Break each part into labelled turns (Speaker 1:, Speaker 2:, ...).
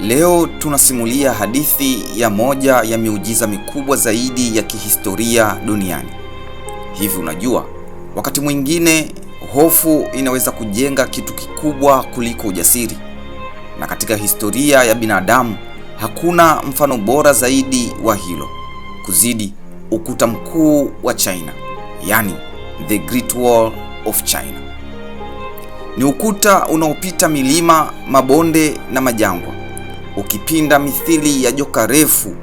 Speaker 1: Leo tunasimulia hadithi ya moja ya miujiza mikubwa zaidi ya kihistoria duniani. Hivi unajua, wakati mwingine hofu inaweza kujenga kitu kikubwa kuliko ujasiri. Na katika historia ya binadamu hakuna mfano bora zaidi wa hilo kuzidi ukuta mkuu wa China, yani the Great Wall of China. Ni ukuta unaopita milima, mabonde na majangwa wakipinda mithili ya joka refu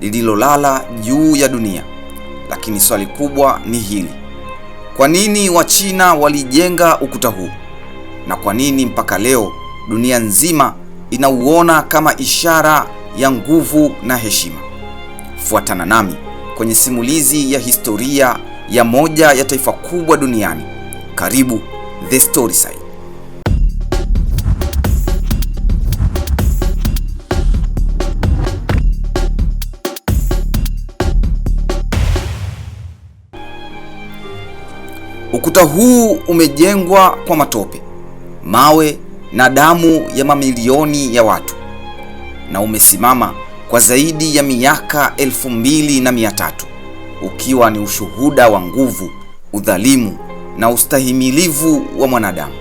Speaker 1: lililolala juu ya dunia. Lakini swali kubwa ni hili: kwa nini Wachina walijenga ukuta huu, na kwa nini mpaka leo dunia nzima inauona kama ishara ya nguvu na heshima? Fuatana nami kwenye simulizi ya historia ya moja ya taifa kubwa duniani. Karibu The Side. Ukuta huu umejengwa kwa matope, mawe na damu ya mamilioni ya watu na umesimama kwa zaidi ya miaka elfu mbili na mia tatu ukiwa ni ushuhuda wa nguvu, udhalimu na ustahimilivu wa mwanadamu.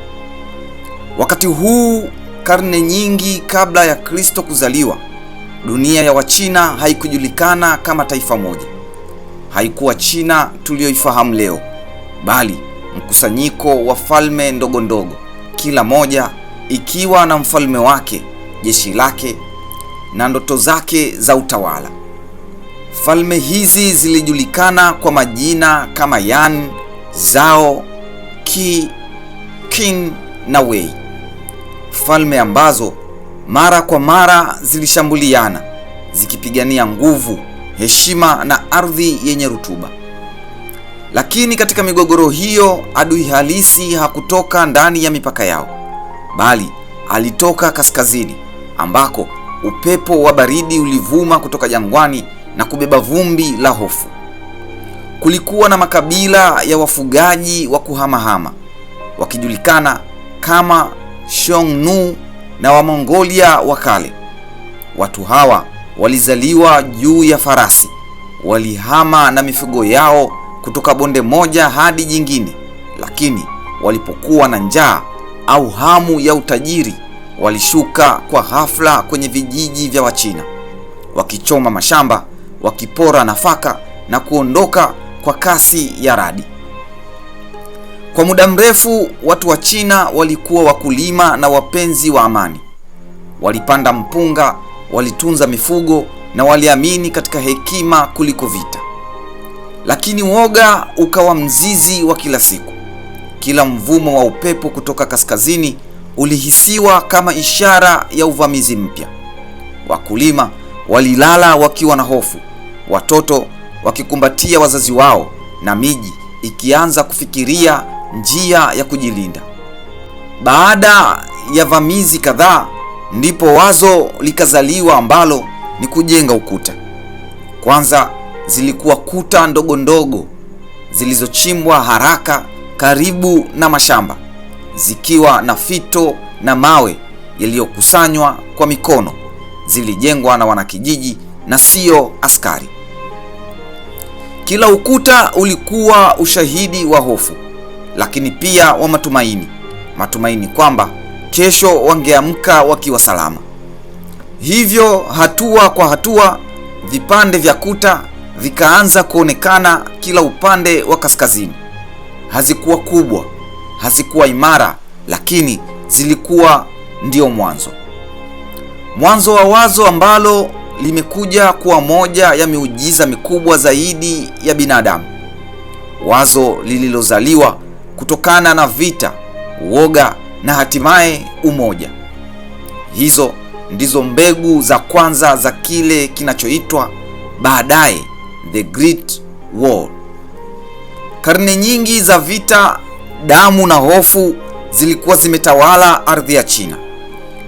Speaker 1: Wakati huu, karne nyingi kabla ya Kristo kuzaliwa, dunia ya Wachina haikujulikana kama taifa moja. Haikuwa China tuliyoifahamu leo, bali mkusanyiko wa falme ndogo ndogo, kila moja ikiwa na mfalme wake, jeshi lake na ndoto zake za utawala. Falme hizi zilijulikana kwa majina kama Yan, Zao, Ki, Qin na Wei, falme ambazo mara kwa mara zilishambuliana zikipigania nguvu, heshima na ardhi yenye rutuba. Lakini katika migogoro hiyo adui halisi hakutoka ndani ya mipaka yao, bali alitoka kaskazini ambako upepo wa baridi ulivuma kutoka jangwani na kubeba vumbi la hofu. Kulikuwa na makabila ya wafugaji wa kuhamahama wakijulikana kama Xiongnu na Wamongolia wa kale. Watu hawa walizaliwa juu ya farasi, walihama na mifugo yao kutoka bonde moja hadi jingine, lakini walipokuwa na njaa au hamu ya utajiri, walishuka kwa ghafla kwenye vijiji vya Wachina, wakichoma mashamba, wakipora nafaka na kuondoka kwa kasi ya radi. Kwa muda mrefu watu wa China walikuwa wakulima na wapenzi wa amani. Walipanda mpunga, walitunza mifugo na waliamini katika hekima kuliko vita lakini woga ukawa mzizi wa kila siku. Kila mvumo wa upepo kutoka kaskazini ulihisiwa kama ishara ya uvamizi mpya. Wakulima walilala wakiwa na hofu, watoto wakikumbatia wazazi wao, na miji ikianza kufikiria njia ya kujilinda. Baada ya vamizi kadhaa, ndipo wazo likazaliwa ambalo ni kujenga ukuta kwanza zilikuwa kuta ndogo ndogo zilizochimbwa haraka karibu na mashamba, zikiwa na fito na mawe yaliyokusanywa kwa mikono, zilijengwa na wanakijiji na sio askari. Kila ukuta ulikuwa ushahidi wa hofu, lakini pia wa matumaini, matumaini kwamba kesho wangeamka wakiwa salama. Hivyo hatua kwa hatua, vipande vya kuta vikaanza kuonekana kila upande wa kaskazini. Hazikuwa kubwa, hazikuwa imara, lakini zilikuwa ndio mwanzo, mwanzo wa wazo ambalo limekuja kuwa moja ya miujiza mikubwa zaidi ya binadamu, wazo lililozaliwa kutokana na vita, uoga na hatimaye umoja. Hizo ndizo mbegu za kwanza za kile kinachoitwa baadaye the Great War. Karne nyingi za vita, damu na hofu zilikuwa zimetawala ardhi ya China,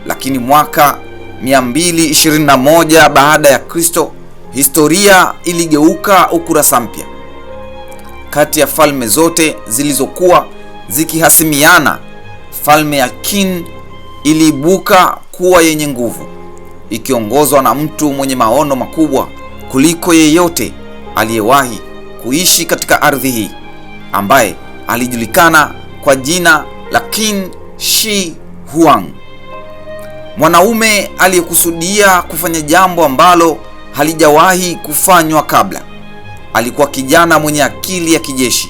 Speaker 1: lakini mwaka 221 baada ya Kristo historia iligeuka ukurasa mpya. Kati ya falme zote zilizokuwa zikihasimiana, falme ya Qin iliibuka kuwa yenye nguvu, ikiongozwa na mtu mwenye maono makubwa kuliko yeyote aliyewahi kuishi katika ardhi hii ambaye alijulikana kwa jina la Qin Shi Huang, mwanaume aliyekusudia kufanya jambo ambalo halijawahi kufanywa kabla. Alikuwa kijana mwenye akili ya kijeshi,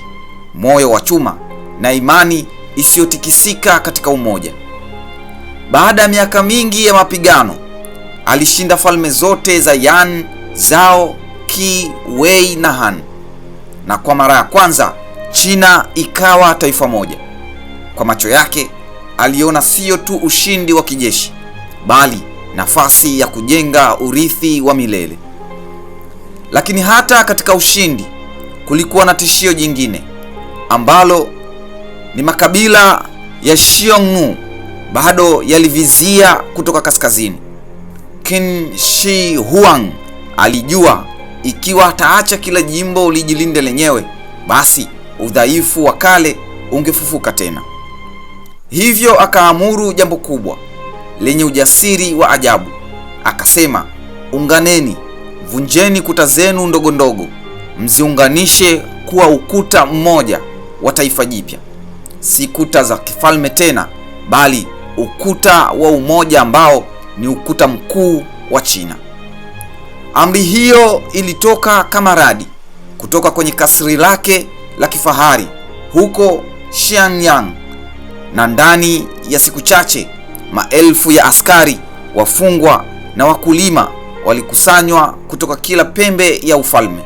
Speaker 1: moyo wa chuma na imani isiyotikisika katika umoja. Baada ya miaka mingi ya mapigano, alishinda falme zote za Yan, Zhao Qi Wei na Han, na kwa mara ya kwanza China ikawa taifa moja. Kwa macho yake aliona sio tu ushindi wa kijeshi, bali nafasi ya kujenga urithi wa milele. Lakini hata katika ushindi kulikuwa na tishio jingine ambalo ni makabila ya Xiongnu bado yalivizia kutoka kaskazini. Qin Shi Huang alijua ikiwa ataacha kila jimbo lijilinde lenyewe, basi udhaifu wa kale ungefufuka tena. Hivyo akaamuru jambo kubwa lenye ujasiri wa ajabu, akasema, unganeni, vunjeni kuta zenu ndogo ndogo, mziunganishe kuwa ukuta mmoja wa taifa jipya, si kuta za kifalme tena, bali ukuta wa umoja ambao ni ukuta mkuu wa China. Amri hiyo ilitoka kama radi kutoka kwenye kasri lake la kifahari huko Xianyang, na ndani ya siku chache maelfu ya askari, wafungwa na wakulima walikusanywa kutoka kila pembe ya ufalme.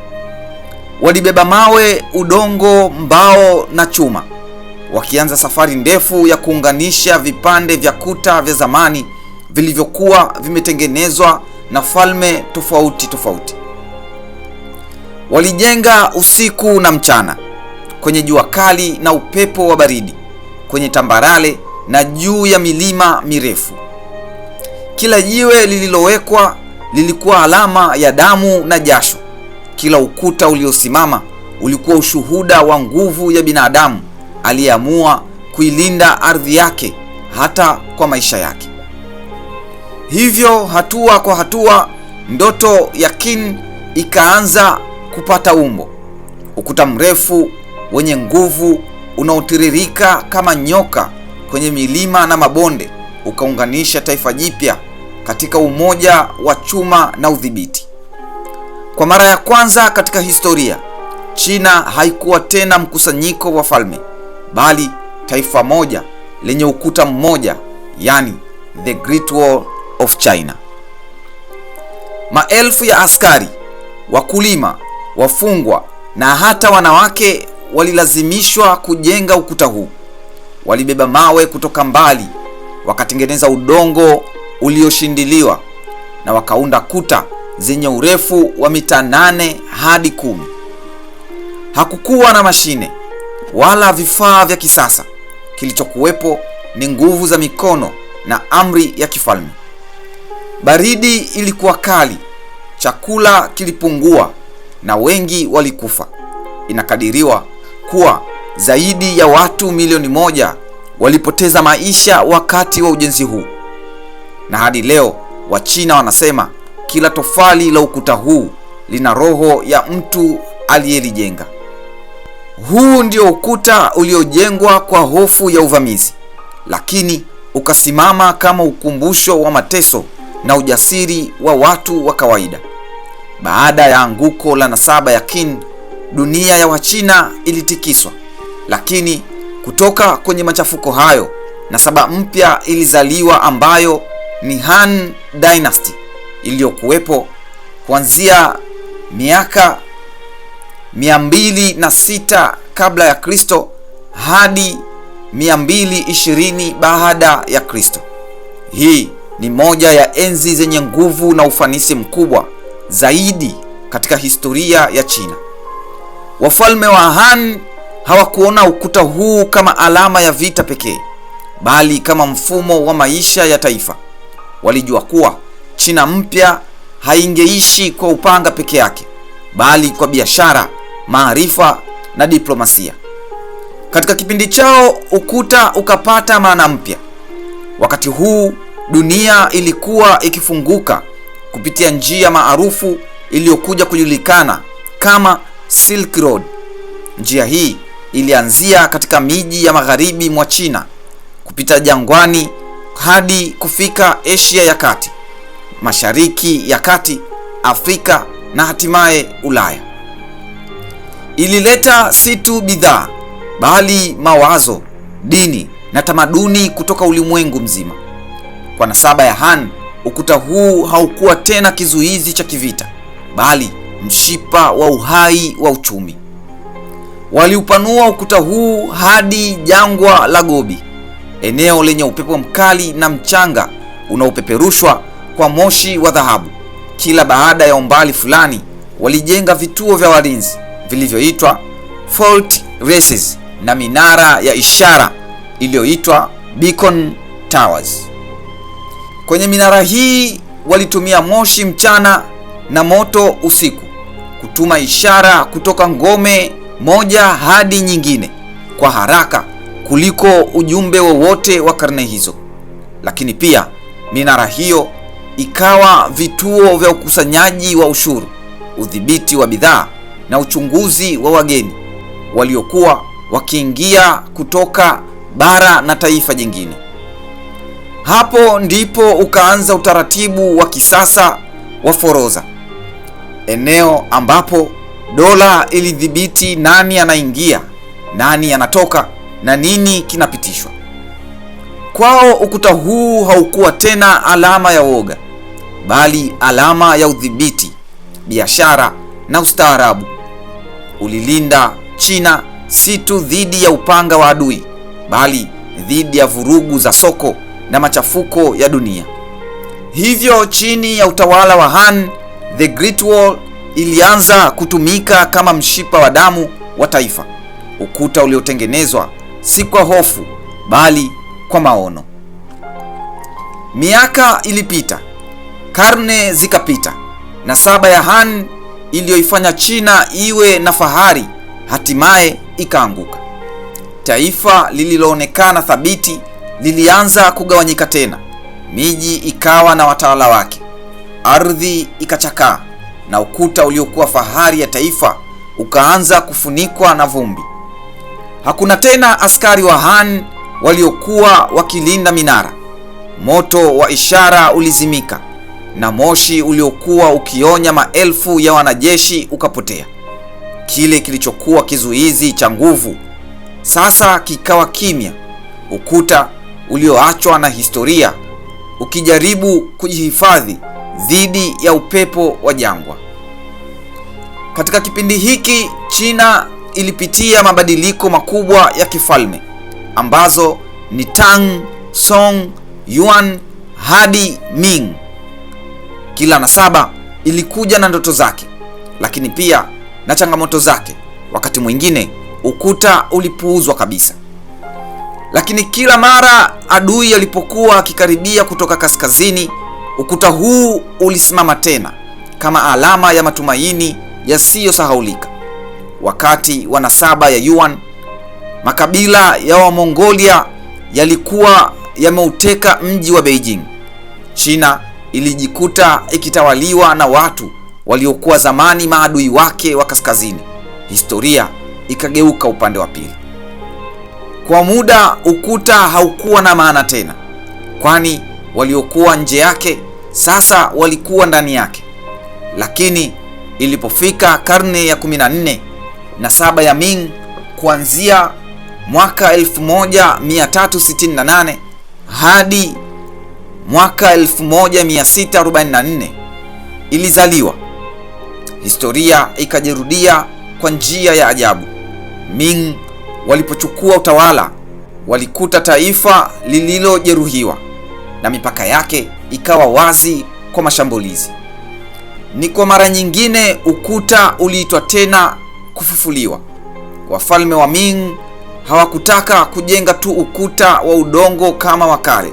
Speaker 1: Walibeba mawe, udongo, mbao na chuma, wakianza safari ndefu ya kuunganisha vipande vya kuta vya zamani vilivyokuwa vimetengenezwa na falme tofauti tofauti. Walijenga usiku na mchana, kwenye jua kali na upepo wa baridi, kwenye tambarale na juu ya milima mirefu. Kila jiwe lililowekwa lilikuwa alama ya damu na jasho. Kila ukuta uliosimama ulikuwa ushuhuda wa nguvu ya binadamu aliyeamua kuilinda ardhi yake hata kwa maisha yake. Hivyo hatua kwa hatua ndoto ya Kin ikaanza kupata umbo, ukuta mrefu wenye nguvu unaotiririka kama nyoka kwenye milima na mabonde ukaunganisha taifa jipya katika umoja wa chuma na udhibiti. Kwa mara ya kwanza katika historia, China haikuwa tena mkusanyiko wa falme, bali taifa moja lenye ukuta mmoja, yani the Great Wall of China. Maelfu ya askari, wakulima, wafungwa na hata wanawake walilazimishwa kujenga ukuta huu. Walibeba mawe kutoka mbali, wakatengeneza udongo ulioshindiliwa na wakaunda kuta zenye urefu wa mita nane hadi kumi. Hakukuwa na mashine wala vifaa vya kisasa. Kilichokuwepo ni nguvu za mikono na amri ya kifalme. Baridi ilikuwa kali, chakula kilipungua na wengi walikufa. Inakadiriwa kuwa zaidi ya watu milioni moja walipoteza maisha wakati wa ujenzi huu, na hadi leo Wachina wanasema kila tofali la ukuta huu lina roho ya mtu aliyelijenga. Huu ndio ukuta uliojengwa kwa hofu ya uvamizi, lakini ukasimama kama ukumbusho wa mateso na ujasiri wa watu wa kawaida. Baada ya anguko la nasaba ya Qin, dunia ya Wachina ilitikiswa, lakini kutoka kwenye machafuko hayo nasaba mpya ilizaliwa ambayo ni Han Dynasty iliyokuwepo kuanzia miaka 206 kabla ya Kristo hadi 220 baada ya Kristo. Hii ni moja ya enzi zenye nguvu na ufanisi mkubwa zaidi katika historia ya China. Wafalme wa Han hawakuona ukuta huu kama alama ya vita pekee, bali kama mfumo wa maisha ya taifa. Walijua kuwa China mpya haingeishi kwa upanga peke yake, bali kwa biashara, maarifa na diplomasia. Katika kipindi chao, ukuta ukapata maana mpya. Wakati huu Dunia ilikuwa ikifunguka kupitia njia maarufu iliyokuja kujulikana kama Silk Road. Njia hii ilianzia katika miji ya magharibi mwa China kupita jangwani hadi kufika Asia ya Kati, Mashariki ya Kati, Afrika na hatimaye Ulaya. Ilileta si tu bidhaa bali mawazo, dini na tamaduni kutoka ulimwengu mzima. Kwa nasaba ya Han, ukuta huu haukuwa tena kizuizi cha kivita, bali mshipa wa uhai wa uchumi. Waliupanua ukuta huu hadi jangwa la Gobi, eneo lenye upepo mkali na mchanga unaopeperushwa kwa moshi wa dhahabu. Kila baada ya umbali fulani, walijenga vituo vya walinzi vilivyoitwa fort races na minara ya ishara iliyoitwa beacon towers. Kwenye minara hii walitumia moshi mchana na moto usiku kutuma ishara kutoka ngome moja hadi nyingine kwa haraka kuliko ujumbe wowote wa, wa karne hizo. Lakini pia minara hiyo ikawa vituo vya ukusanyaji wa ushuru, udhibiti wa bidhaa na uchunguzi wa wageni waliokuwa wakiingia kutoka bara na taifa jingine. Hapo ndipo ukaanza utaratibu wa kisasa wa forodha, eneo ambapo dola ilidhibiti nani anaingia, nani anatoka na nini kinapitishwa. Kwao ukuta huu haukuwa tena alama ya woga, bali alama ya udhibiti, biashara na ustaarabu. Ulilinda China si tu dhidi ya upanga wa adui, bali dhidi ya vurugu za soko na machafuko ya dunia. Hivyo chini ya utawala wa Han, the Great Wall ilianza kutumika kama mshipa wa damu wa taifa, ukuta uliotengenezwa si kwa hofu bali kwa maono. Miaka ilipita, karne zikapita, na saba ya Han iliyoifanya China iwe na fahari hatimaye ikaanguka. Taifa lililoonekana thabiti lilianza kugawanyika tena, miji ikawa na watawala wake, ardhi ikachakaa, na ukuta uliokuwa fahari ya taifa ukaanza kufunikwa na vumbi. Hakuna tena askari wa Han waliokuwa wakilinda minara. Moto wa ishara ulizimika na moshi uliokuwa ukionya maelfu ya wanajeshi ukapotea. Kile kilichokuwa kizuizi cha nguvu sasa kikawa kimya. Ukuta ulioachwa na historia ukijaribu kujihifadhi dhidi ya upepo wa jangwa. Katika kipindi hiki China ilipitia mabadiliko makubwa ya kifalme ambazo ni Tang, Song, Yuan hadi Ming. Kila nasaba ilikuja na ndoto zake, lakini pia na changamoto zake. Wakati mwingine ukuta ulipuuzwa kabisa. Lakini kila mara adui alipokuwa akikaribia kutoka kaskazini, ukuta huu ulisimama tena kama alama ya matumaini yasiyosahaulika. Wakati wa nasaba ya Yuan, makabila ya Wamongolia yalikuwa yameuteka mji wa Beijing. China ilijikuta ikitawaliwa na watu waliokuwa zamani maadui wake wa kaskazini. Historia ikageuka upande wa pili. Kwa muda ukuta haukuwa na maana tena, kwani waliokuwa nje yake sasa walikuwa ndani yake. Lakini ilipofika karne ya 14 na saba ya Ming kuanzia mwaka 1368 hadi mwaka 1644 ilizaliwa. Historia ikajirudia kwa njia ya ajabu. Ming walipochukua utawala, walikuta taifa lililojeruhiwa na mipaka yake ikawa wazi kwa mashambulizi. Ni kwa mara nyingine ukuta uliitwa tena kufufuliwa. Wafalme wa Ming hawakutaka kujenga tu ukuta wa udongo kama wa kale,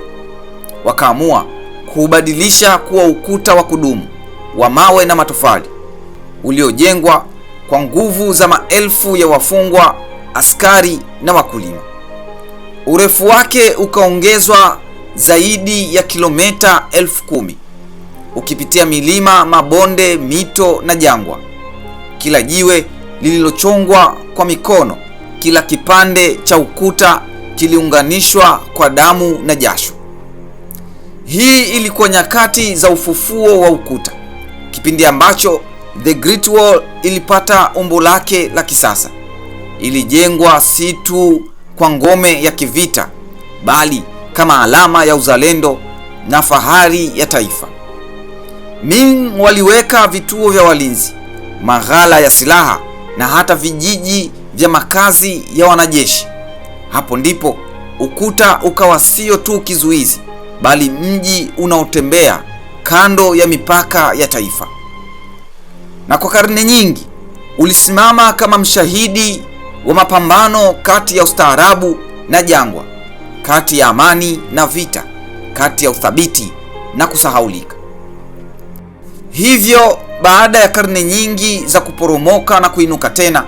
Speaker 1: wakaamua kuubadilisha kuwa ukuta wa kudumu wa mawe na matofali uliojengwa kwa nguvu za maelfu ya wafungwa askari na wakulima. Urefu wake ukaongezwa zaidi ya kilomita elfu kumi ukipitia milima, mabonde, mito na jangwa. Kila jiwe lililochongwa kwa mikono, kila kipande cha ukuta kiliunganishwa kwa damu na jasho. Hii ilikuwa nyakati za ufufuo wa ukuta, kipindi ambacho The Great Wall ilipata umbo lake la kisasa ilijengwa si tu kwa ngome ya kivita, bali kama alama ya uzalendo na fahari ya taifa. Ming waliweka vituo vya walinzi, maghala ya silaha na hata vijiji vya makazi ya wanajeshi. Hapo ndipo ukuta ukawa sio tu kizuizi, bali mji unaotembea kando ya mipaka ya taifa, na kwa karne nyingi ulisimama kama mshahidi wa mapambano kati ya ustaarabu na jangwa, kati ya amani na vita, kati ya uthabiti na kusahaulika. Hivyo, baada ya karne nyingi za kuporomoka na kuinuka tena,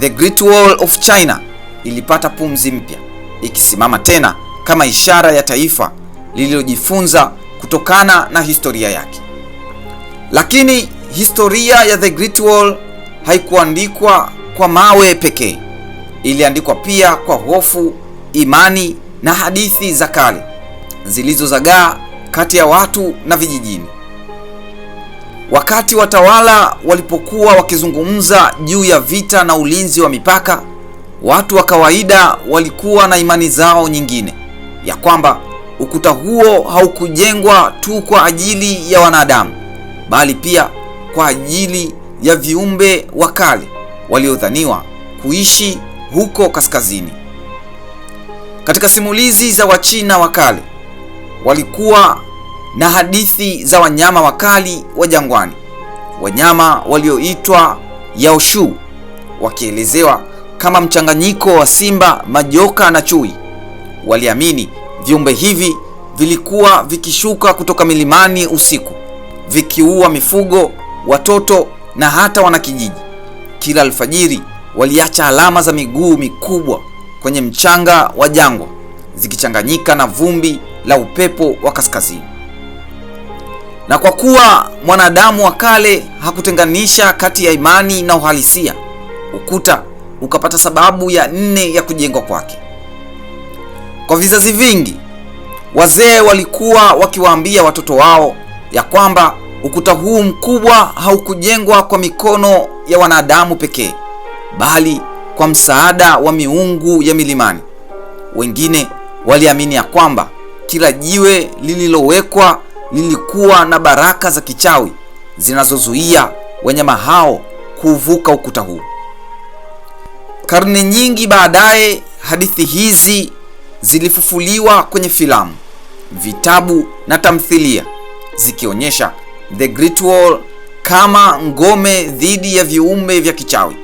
Speaker 1: The Great Wall of China ilipata pumzi mpya, ikisimama tena kama ishara ya taifa lililojifunza kutokana na historia yake. Lakini historia ya The Great Wall haikuandikwa kwa mawe pekee iliandikwa pia kwa hofu, imani na hadithi za kale zilizozagaa kati ya watu na vijijini. Wakati watawala walipokuwa wakizungumza juu ya vita na ulinzi wa mipaka, watu wa kawaida walikuwa na imani zao nyingine, ya kwamba ukuta huo haukujengwa tu kwa ajili ya wanadamu, bali pia kwa ajili ya viumbe wakali waliodhaniwa kuishi huko kaskazini. Katika simulizi za Wachina wa kale walikuwa na hadithi za wanyama wakali wa jangwani, wanyama walioitwa Yaoshu, wakielezewa kama mchanganyiko wa simba, majoka na chui. Waliamini viumbe hivi vilikuwa vikishuka kutoka milimani usiku, vikiua mifugo, watoto na hata wanakijiji. Kila alfajiri waliacha alama za miguu mikubwa kwenye mchanga wa jangwa zikichanganyika na vumbi la upepo wa kaskazini. Na kwa kuwa mwanadamu wa kale hakutenganisha kati ya imani na uhalisia, ukuta ukapata sababu ya nne ya kujengwa kwake. Kwa vizazi vingi, wazee walikuwa wakiwaambia watoto wao ya kwamba ukuta huu mkubwa haukujengwa kwa mikono ya wanadamu pekee bali kwa msaada wa miungu ya milimani. Wengine waliamini ya kwamba kila jiwe lililowekwa lilikuwa na baraka za kichawi zinazozuia wanyama hao kuvuka ukuta huu. Karne nyingi baadaye, hadithi hizi zilifufuliwa kwenye filamu, vitabu na tamthilia, zikionyesha The Great Wall kama ngome dhidi ya viumbe vya kichawi.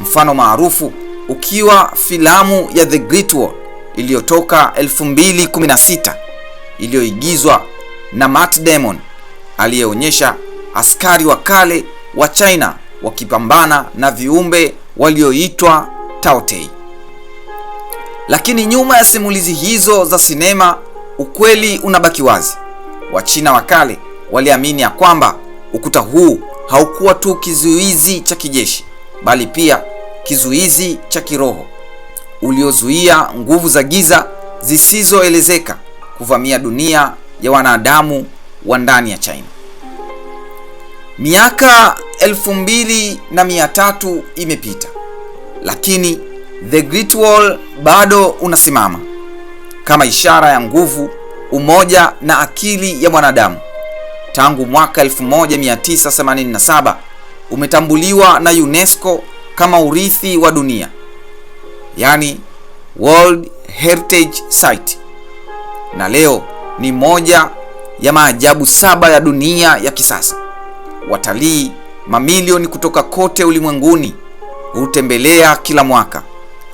Speaker 1: Mfano maarufu ukiwa filamu ya The Great Wall iliyotoka 2016 iliyoigizwa na Matt Damon aliyeonyesha askari wa kale wa China wakipambana na viumbe walioitwa Taotei. Lakini nyuma ya simulizi hizo za sinema, ukweli unabaki wazi. Wachina wa kale waliamini ya kwamba ukuta huu haukuwa tu kizuizi cha kijeshi, bali pia kizuizi cha kiroho uliozuia nguvu za giza zisizoelezeka kuvamia dunia ya wanadamu wa ndani ya China. Miaka 2300 na imepita, lakini The Great Wall bado unasimama kama ishara ya nguvu, umoja na akili ya mwanadamu. Tangu mwaka 1987 umetambuliwa na UNESCO kama urithi wa dunia, yaani World Heritage Site, na leo ni moja ya maajabu saba ya dunia ya kisasa. Watalii mamilioni kutoka kote ulimwenguni hutembelea kila mwaka,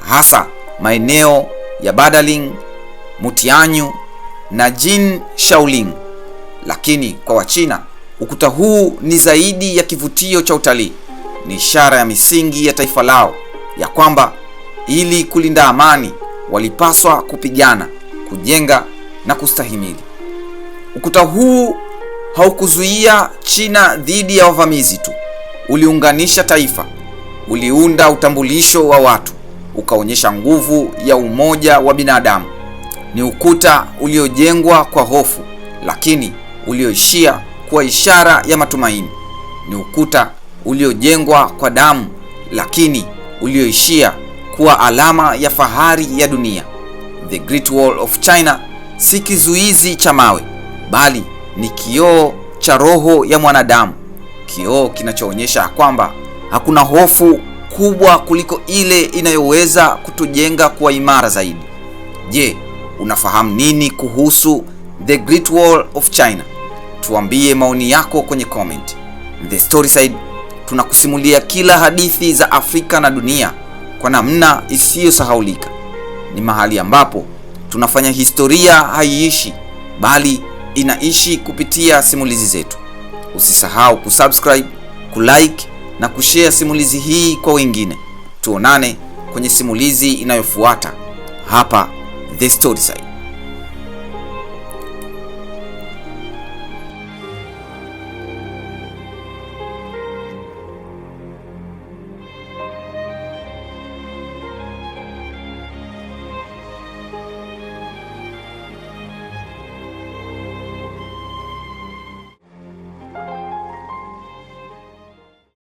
Speaker 1: hasa maeneo ya Badaling, Mutianyu na Jin Shaoling, lakini kwa Wachina Ukuta huu ni zaidi ya kivutio cha utalii, ni ishara ya misingi ya taifa lao, ya kwamba ili kulinda amani walipaswa kupigana, kujenga na kustahimili. Ukuta huu haukuzuia China dhidi ya wavamizi tu, uliunganisha taifa, uliunda utambulisho wa watu, ukaonyesha nguvu ya umoja wa binadamu. Ni ukuta uliojengwa kwa hofu, lakini ulioishia kuwa ishara ya matumaini. Ni ukuta uliojengwa kwa damu, lakini ulioishia kuwa alama ya fahari ya dunia. The Great Wall of China si kizuizi cha mawe, bali ni kioo cha roho ya mwanadamu, kioo kinachoonyesha kwamba hakuna hofu kubwa kuliko ile inayoweza kutujenga kuwa imara zaidi. Je, unafahamu nini kuhusu The Great Wall of China? Tuambie maoni yako kwenye comment. The Side tunakusimulia kila hadithi za Afrika na dunia kwa namna isiyosahaulika. Ni mahali ambapo tunafanya historia haiishi bali inaishi kupitia simulizi zetu. Usisahau kusubscribe, kulike na kushare simulizi hii kwa wengine. Tuonane kwenye simulizi inayofuata hapa The Side.